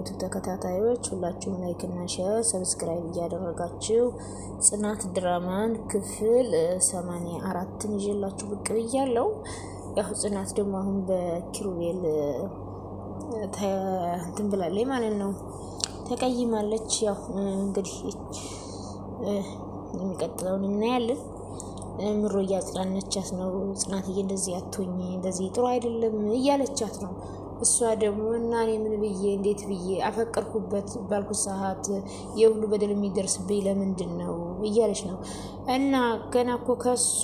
የዩቱብ ተከታታዮች ሁላችሁም ላይክ እና ሼር ሰብስክራይብ እያደረጋችሁ ጽናት ድራማን ክፍል ሰማንያ አራትን ይዤላችሁ ብቅ ብያለሁ። ያው ጽናት ደግሞ አሁን በኪሩቤል እንትን ብላለች ማለት ነው፣ ተቀይማለች። ያው እንግዲህ የሚቀጥለውን እናያለን። ምሮ እያጽናነቻት ነው። ጽናትዬ እንደዚህ አትሆኝ፣ እንደዚህ ጥሩ አይደለም እያለቻት ነው እሷ ደግሞ እና እኔ ምን ብዬ እንዴት ብዬ አፈቀርኩበት ባልኩ ሰዓት የሁሉ በደል የሚደርስብኝ ለምንድን ነው? እያለች ነው። እና ገና እኮ ከሱ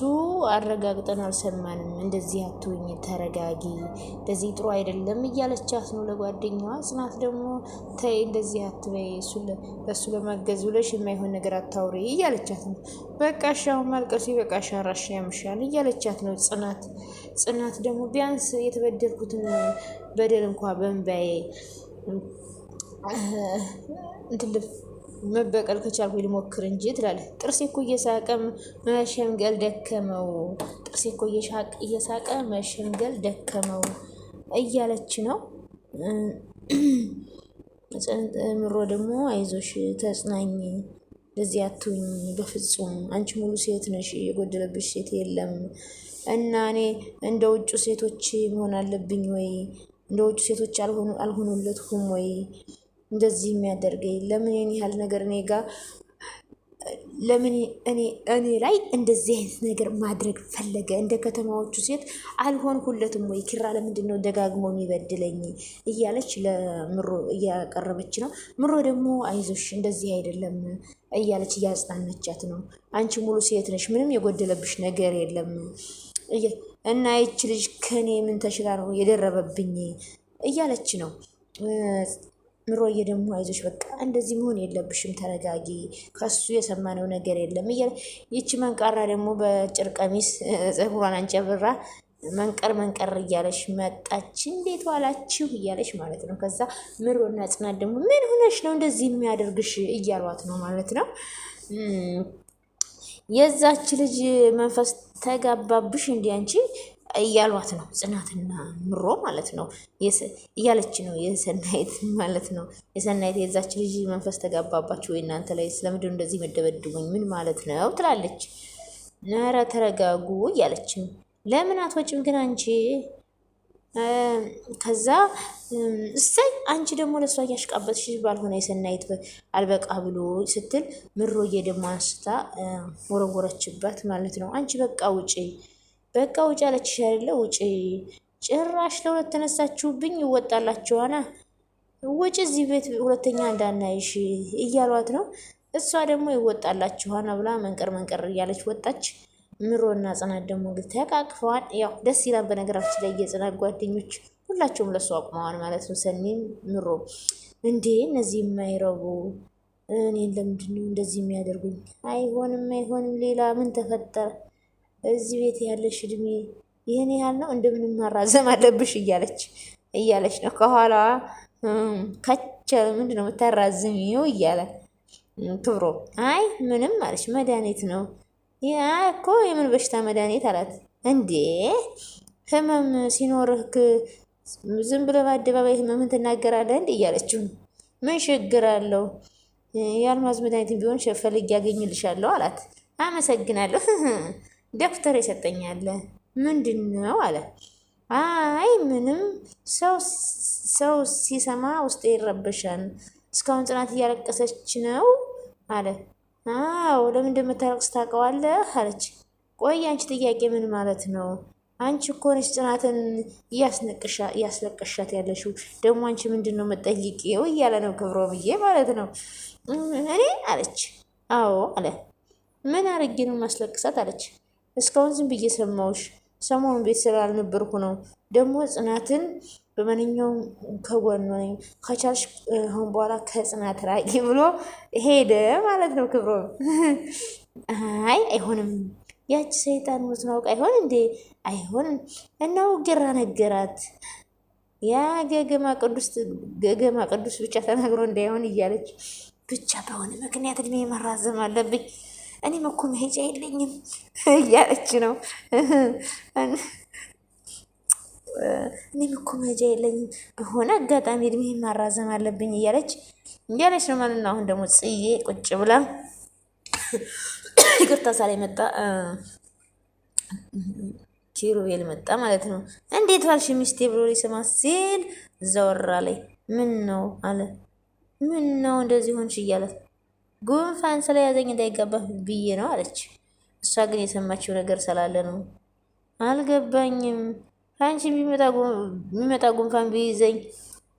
አረጋግጠን አልሰማንም። እንደዚህ አትሁኝ፣ ተረጋጊ፣ እንደዚህ ጥሩ አይደለም እያለቻት ነው ለጓደኛዋ። ጽናት ደግሞ ተይ፣ እንደዚህ አትበይ፣ በሱ ለማገዝ ብለሽ የማይሆን ነገር አታውሪ እያለቻት ነው። በቃሽ፣ አሁን ማልቀሱ ይበቃሽ፣ ራሽ ያምሻል እያለቻት ነው ጽናት። ጽናት ደግሞ ቢያንስ የተበደልኩትን በደል እንኳ በንባዬ እንትልፍ መበቀል ከቻልኩ ልሞክር እንጂ ትላለ። ጥርሴ እኮ እየሳቀ መሸምገል ደከመው፣ ጥርሴ እኮ እየሳቀ መሸምገል ደከመው እያለች ነው። ምሮ ደግሞ አይዞሽ፣ ተጽናኝ፣ እንደዚህ አትሁኝ በፍጹም አንቺ ሙሉ ሴት ነሽ፣ የጎደለብሽ ሴት የለም። እና እኔ እንደ ውጩ ሴቶች መሆን አለብኝ ወይ? እንደ ውጩ ሴቶች አልሆኑለትሁም ወይ? እንደዚህ የሚያደርገኝ ለምን ይህን ያህል ነገር እኔ ጋ ለምን እኔ ላይ እንደዚህ አይነት ነገር ማድረግ ፈለገ? እንደ ከተማዎቹ ሴት አልሆንኩለትም ወይ? ኪራ ለምንድን ነው ደጋግሞ የሚበድለኝ? እያለች ለምሮ እያቀረበች ነው። ምሮ ደግሞ አይዞሽ፣ እንደዚህ አይደለም እያለች እያጽናነቻት ነው። አንቺ ሙሉ ሴት ነሽ፣ ምንም የጎደለብሽ ነገር የለም እና ይች ልጅ ከኔ ምን ተሽላ ነው የደረበብኝ እያለች ነው ምሮዬ ደግሞ አይዞሽ በቃ እንደዚህ መሆን የለብሽም ተረጋጊ፣ ከሱ የሰማነው ነገር የለም እያለ ይቺ መንቀራ ደግሞ በአጭር ቀሚስ ፀጉሯን አንጨብራ መንቀር መንቀር እያለሽ መጣች። እንዴት ዋላችሁ እያለሽ ማለት ነው። ከዛ ምሮና ጽናት ደግሞ ምን ሆነሽ ነው እንደዚህ የሚያደርግሽ እያሏት ነው ማለት ነው። የዛች ልጅ መንፈስ ተጋባብሽ እንዲህ አንቺ እያሏት ነው ጽናትና ምሮ ማለት ነው እያለች ነው የሰናይት ማለት ነው የሰናይት የዛች ልጅ መንፈስ ተጋባባችሁ ወይ እናንተ ላይ ስለምንድን እንደዚህ መደበድቡኝ ምን ማለት ነው ትላለች ኧረ ተረጋጉ እያለች ለምን አትወጭም ግን አንቺ ከዛ እሰይ አንቺ ደግሞ ለእሷ እያሽቃበትሽ ባልሆነ የሰናይት አልበቃ ብሎ ስትል ምሮዬ ደግሞ አንስታ ወረወረችበት ማለት ነው አንቺ በቃ ውጪ በቃ ውጭ አለችሽ ሸርለ ውጪ። ጭራሽ ለሁለት ተነሳችሁብኝ። ይወጣላችኋና ውጭ፣ እዚህ ቤት ሁለተኛ እንዳናይሽ እያሏት ነው። እሷ ደግሞ ይወጣላችኋና ብላ መንቀር መንቀር እያለች ወጣች። ምሮ እና ጽናት ደግሞ እንግዲህ ተቃቅፈዋል። ያው ደስ ይላል። በነገራችን ላይ የጽናት ጓደኞች ሁላቸውም ለእሱ አቁመዋል ማለት ነው። ሰኔም ምሮ እንዴ እነዚህ የማይረቡ እኔን ለምንድን ነው እንደዚህ የሚያደርጉኝ? አይሆንም አይሆንም። ሌላ ምን ተፈጠረ? እዚህ ቤት ያለሽ እድሜ ይህን ያህል ነው፣ እንደምንም ማራዘም አለብሽ እያለች እያለች ነው ከኋላዋ ከቸ ምንድን ነው የምታራዝሚው እያለ ክብሮ አይ ምንም አለች። መድኃኒት ነው ያ እኮ የምን በሽታ መድኃኒት አላት። እንዴ ህመም ሲኖርህ ዝም ብለህ በአደባባይ ህመምን ትናገራለህ እንዴ እያለችው ምን ችግር አለው? የአልማዝ መድኃኒት ቢሆን ፈልጌ ያገኝልሻለሁ አላት። አመሰግናለሁ ደብተር የሰጠኛለ ምንድን ነው አለ። አይ ምንም ሰው ሲሰማ ውስጤ ይረበሻል። እስካሁን ጽናት እያለቀሰች ነው አለ። አዎ ለምን እንደምታለቅስ ታውቀዋለህ አለች። ቆይ አንቺ ጥያቄ ምን ማለት ነው? አንቺ እኮ ነች ጽናትን እያስለቀሻት ያለሽው። ደግሞ አንቺ ምንድን ነው መጠይቄው እያለ ነው ክብሮ ብዬ ማለት ነው እኔ አለች። አዎ አለ። ምን አርጌ ነው ማስለቅሳት አለች። እስካሁን ዝም ብዬ ሰማሁሽ። ሰሞኑን ቤት ስላልነበርኩ ነው። ደግሞ ጽናትን በማንኛውም ከጎኗ ከቻልሽ አሁን በኋላ ከጽናት ራቂ ብሎ ሄደ ማለት ነው። ክብሮ አይ አይሆንም፣ ያቺ ሰይጣን ምትናውቅ አይሆን እንዴ? አይሆን። እናው ውግራ ነገራት። ያ ገገማ ቅዱስ ገገማ ቅዱስ ብቻ ተናግሮ እንዳይሆን እያለች ብቻ በሆነ ምክንያት እድሜ መራዘም አለብኝ እኔም እኮ መሄጃ የለኝም እያለች ነው። እኔም እኮ መሄጃ የለኝም በሆነ አጋጣሚ እድሜ ማራዘም አለብኝ እያለች እያለች ነው ማለት ነው። አሁን ደግሞ ጽዬ ቁጭ ብላ ይቅርታ ሳላይ መጣ ኪሩቤል መጣ ማለት ነው። እንዴት ዋልሽ ሚስቴ ብሎ ሊሰማ ሲል ዘወራ ላይ ምን ነው አለ ምን ነው እንደዚህ ሆንሽ እያለት ጉንፋን ስለያዘኝ እንዳይገባ ብዬ ነው አለች። እሷ ግን የሰማችው ነገር ስላለ ነው አልገባኝም። አንቺ የሚመጣ ጉንፋን ቢይዘኝ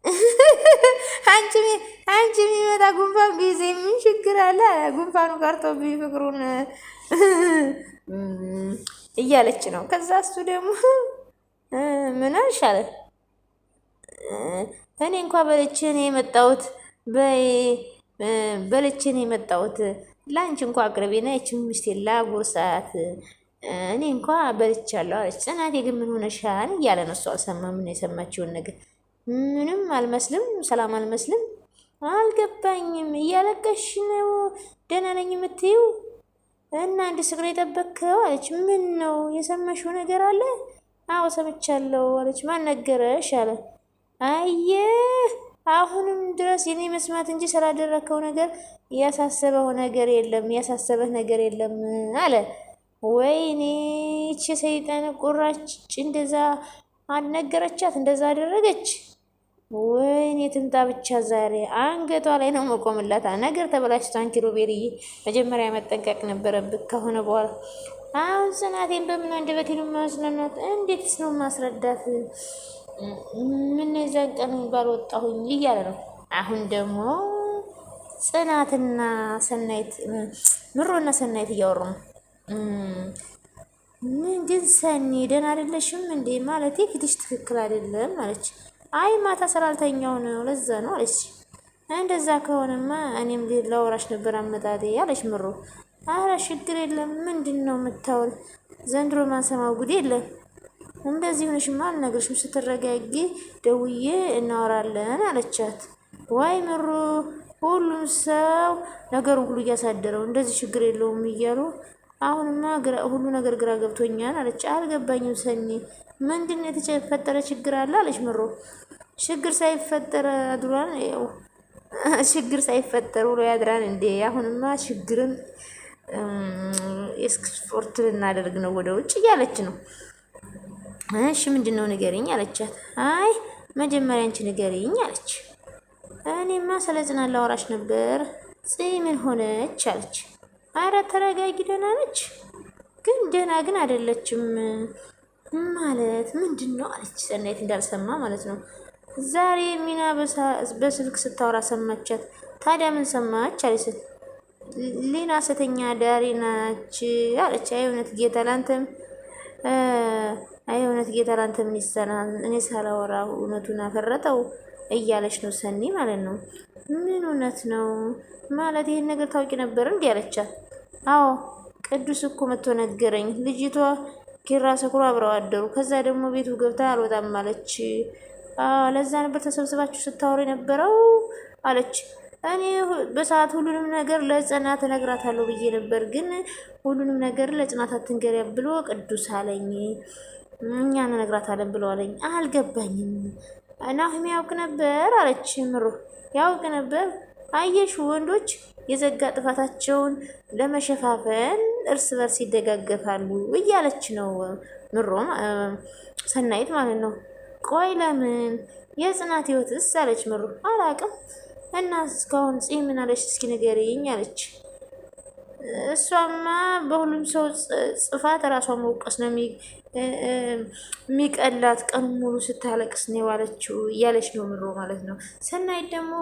አንቺ የሚመጣ ጉንፋን ቢይዘኝ ምን ችግር አለ? ጉንፋኑ ቀርቶብኝ ፍቅሩን እያለች ነው። ከዛ እሱ ደግሞ ምን አልሻለ እኔ እንኳ በልቼ ነው የመጣሁት በይ በልቼን የመጣሁት ለአንቺ እንኳ አቅርቤ ና ይችን ምስቴን ላጉርሳት እኔ እንኳ በልቻለሁ አለች። ጽናቴ ግን ምን ሆነሻል እያለ ነው። እሱ አልሰማም ነው የሰማችውን ነገር። ምንም አልመስልም፣ ሰላም አልመስልም፣ አልገባኝም። እያለቀሽ ነው ደህና ነኝ የምትይው እና አንድ ስቅር የጠበቅከው አለች። ምን ነው የሰማሽው ነገር አለ? አዎ ሰምቻለሁ አለች። ማን ነገረሽ አለ። አየ አሁንም ድረስ የኔ መስማት እንጂ ስላደረከው ነገር ያሳሰበው ነገር የለም፣ ያሳሰበህ ነገር የለም አለ። ወይኔ ይቺ ሰይጣን ቁራጭ እንደዛ አልነገረቻት፣ እንደዛ አደረገች። ወይኔ ትምጣ ብቻ ዛሬ አንገቷ ላይ ነው መቆምላት። ነገር ተበላሽቷን ኪሩቤልዬ፣ መጀመሪያ መጠንቀቅ ነበረብህ ከሆነ በኋላ አሁን ጽናቴን በምን አንደበቴ ነው ማስለናት? እንዴትስ ነው ማስረዳት? ምን የዛን ቀን ወጣሁኝ እያለ ነው። አሁን ደግሞ ጽናትና ሰናይት ምሮና ሰናይት እያወሩ ነው። ምን ግን ሰኒ ደህና አይደለሽም እንዴ? ማለት ፊትሽ ትክክል አይደለም አለች። አይ ማታ ስላልተኛው ነው ለዛ ነው አለች። እንደዛ ከሆነማ እኔም ለወራሽ ነበር አመጣጤ አለች ምሮ። አረ ችግር የለም ምንድን ነው የምታወል ዘንድሮ ማንሰማው ጉድ የለም። እንደዚህ ሆነሽማ አልነግርሽም፣ ስትረጋጊ ደውዬ እናወራለን አለቻት። ዋይ ምሩ፣ ሁሉም ሰው ነገሩ ሁሉ እያሳደረው እንደዚህ ችግር የለውም እያሉ አሁንማ ሁሉ ነገር ግራ ገብቶኛል አለች። አልገባኝም ሰኒ፣ ምንድን ነው የተፈጠረ ችግር አለ አለች ምሩ። ችግር ሳይፈጠር አድሯን ያው ችግር ሳይፈጠር ውሎ ያድራን እንዴ? አሁንማ ችግርን ኤክስፖርት ልናደርግ ነው ወደ ውጭ እያለች ነው እሺ ምንድን ነው ንገሪኝ አለቻት። አይ መጀመሪያ አንቺ ንገሪኝ አለች። እኔማ ስለ ጽናት ላወራሽ ነበር። ጽ ምን ሆነች አለች። አረ ተረጋጊ፣ ደህና ነች፣ ግን ደህና ግን አይደለችም ማለት ምንድን ነው አለች። ሰናይት እንዳልሰማ ማለት ነው። ዛሬ ሚና በስልክ ስታወራ ሰማቻት። ታዲያ ምን ሰማች አለች። ሊና ሴተኛ ዳሪ ናች አለች። አይ እውነት ጌታ ላንተም አይ እውነት ጌታ ላንተ ምን ይሳናል? እኔ ሳላወራ እውነቱን አፈረጠው እያለች ነው ሰኒ ማለት ነው። ምን እውነት ነው ማለት ይህን ነገር ታውቂ ነበር እንዲ ያለቻት። አዎ ቅዱስ እኮ መጥቶ ነገረኝ። ልጅቷ ኪራ ሰክሮ አብረው አደሩ። ከዛ ደግሞ ቤቱ ገብታ አልወጣም አለች። ለዛ ነበር ተሰብስባችሁ ስታወሩ የነበረው አለች። እኔ በሰዓት ሁሉንም ነገር ለጽናት እነግራታለሁ ብዬ ነበር፣ ግን ሁሉንም ነገር ለጽናት አትንገሪያ ብሎ ቅዱስ አለኝ። እኛ እንነግራታለን ብለዋለኝ። አልገባኝም ናሁም ያውቅ ነበር አለች ምሩ። ያውቅ ነበር አየሽ፣ ወንዶች የዘጋ ጥፋታቸውን ለመሸፋፈን እርስ በርስ ይደጋገፋሉ እያለች ነው ምሮ ሰናይት ማለት ነው። ቆይ ለምን የጽናት ህይወትስ? አለች ምሩ። አላቅም እና እስካሁን ጽ ምን አለች? እስኪ ንገሪኝ አለች። እሷማ በሁሉም ሰው ጽፋት ራሷ መውቀስ ነው የሚቀላት። ቀን ሙሉ ስታለቅስ ነው የዋለችው እያለች ነው ምሮ ማለት ነው። ሰናይ ደግሞ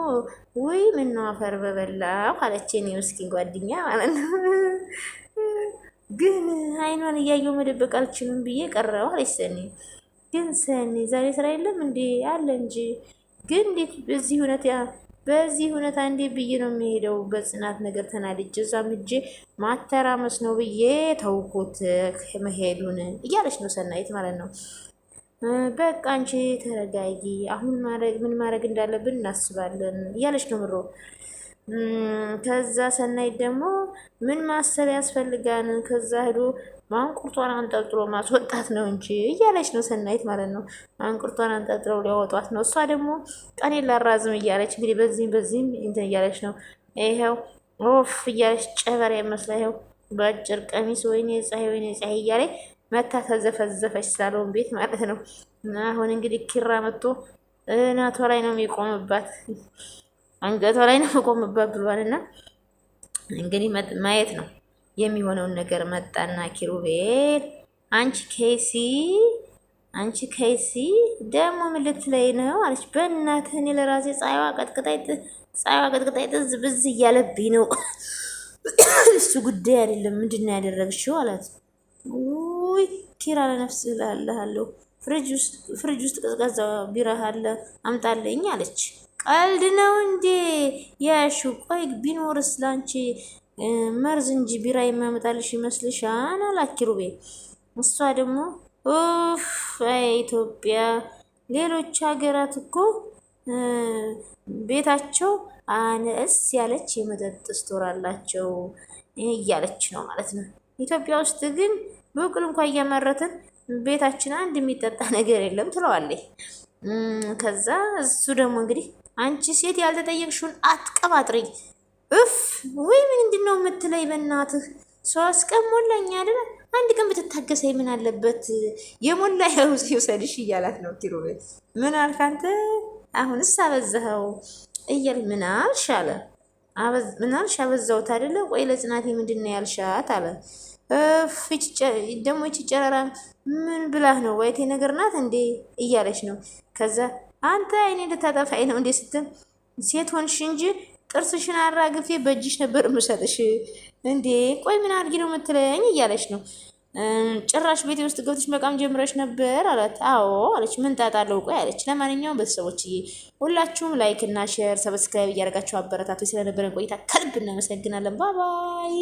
ውይ ምነው አፈር በበላሁ አለች። እኔ ምስኪን ጓደኛ ማለት ነው። ግን አይኗን እያየሁ መደበቅ አልችልም ብዬ ቀረው አለች ሰኒ። ግን ሰኒ ዛሬ ስራ የለም እንዴ? አለ እንጂ ግን እንዴት በዚህ እውነት በዚህ እውነት እንዴ ብዬ ነው የሚሄደው። በጽናት ነገር ተናድጄ እዛም እጄ ማተራመስ ነው ብዬ ተውኩት መሄዱን እያለች ነው ሰናይት ማለት ነው። በቃ አንቺ ተረጋጊ፣ አሁን ምን ማድረግ እንዳለብን እናስባለን እያለች ነው ምሮ ከዛ ሰናይ ደግሞ ምን ማሰብ ያስፈልጋን? ከዛ ሄዶ ማንቁርቷን አንጠልጥሎ ማስወጣት ነው እንጂ እያለች ነው ሰናይት ማለት ነው። ማንቁርቷን አንጠልጥለው ሊያወጧት ነው። እሷ ደግሞ ቀኔ ላራዝም እያለች እንግዲህ በዚህም በዚህም እንትን እያለች ነው። ይኸው ኦፍ እያለች ጨበሬ መስላ ይኸው በአጭር ቀሚስ ወይኔ ፀሐይ፣ ወይኔ ፀሐይ እያለች መታ ተዘፈዘፈች ሳሎን ቤት ማለት ነው። አሁን እንግዲህ ኪራ መጥቶ እናቷ ላይ ነው የሚቆምባት። አንገቷ ላይ ነው ቆምባት ብሏልና እንግዲህ ማየት ነው የሚሆነውን ነገር። መጣና ኪሩቤል አንቺ ኬሲ አንቺ ከይሲ ደግሞ ምን ልትለይ ነው አለች። በእናትህ እኔ ለራሴ ፀሐይዋ ቀጥቅጣይ ፀሐይዋ ቀጥቅጣይ ጥዝ ብዝ እያለብኝ ነው። እሱ ጉዳይ አይደለም። ምንድን ነው ያደረግሽው አላት። ውይ ኪራ ለነፍስ እልሃለሁ፣ ፍሪጅ ውስጥ ቀዝቃዛ ቢራ አለ አምጣልኝ አለች። ቀልድ ነው እንዴ ያሹ? ቆይ ቢኖርስ ላንቺ መርዝ እንጂ ቢራ የሚያመጣልሽ ይመስልሻል? አላት ኪሩቤል። እሷ ደግሞ ኡፍ ኢትዮጵያ፣ ሌሎች ሀገራት እኮ ቤታቸው አነስ ያለች የመጠጥ ስቶር አላቸው እያለች ነው ማለት ነው። ኢትዮጵያ ውስጥ ግን ብቅል እንኳ እያመረትን ቤታችን አንድ የሚጠጣ ነገር የለም ትለዋለች። ከዛ እሱ ደግሞ እንግዲህ አንቺ ሴት ያልተጠየቅሽውን አትቀባጥሪ። እፍ ወይ ምንድን ነው የምትለይ? በእናትህ ሶስት ቀን ሞላኝ አይደል? አንድ ቀን ብትታገሰ ምን አለበት? የሞላ ያው ይውሰድሽ እያላት ነው ኪሩቤል። ምን አልክ አንተ? አሁንስ አበዛኸው እያል ምን አልሽ አለ። ምን አልሽ? አበዛሁት አይደለ? ቆይ ለጽናቴ ምንድን ነው ያልሻት አለ። ደግሞ ይቺ ጨረራ ምን ብላህ ነው? ዋይቴ ነገር ናት እንዴ እያለች ነው ከዛ አንተ እኔ ልታጠፋኝ ነው እንዴ ስትል ሴት ሆንሽ እንጂ ጥርስሽን አራግፌ በእጅሽ ነበር የምሰጥሽ እንዴ ቆይ ምን አድርጊ ነው የምትለኝ እያለች ነው ጭራሽ ቤት ውስጥ ገብተሽ መቃም ጀምረሽ ነበር አላት። አዎ አለች። ምን ጣጣለው? ቆይ አለች። ለማንኛውም ቤተሰቦችዬ ሁላችሁም ላይክ እና ሼር ሰብስክራይብ እያደረጋችሁ አበረታቶች ስለነበረን ቆይታ ከልብ እናመሰግናለን። ባባይ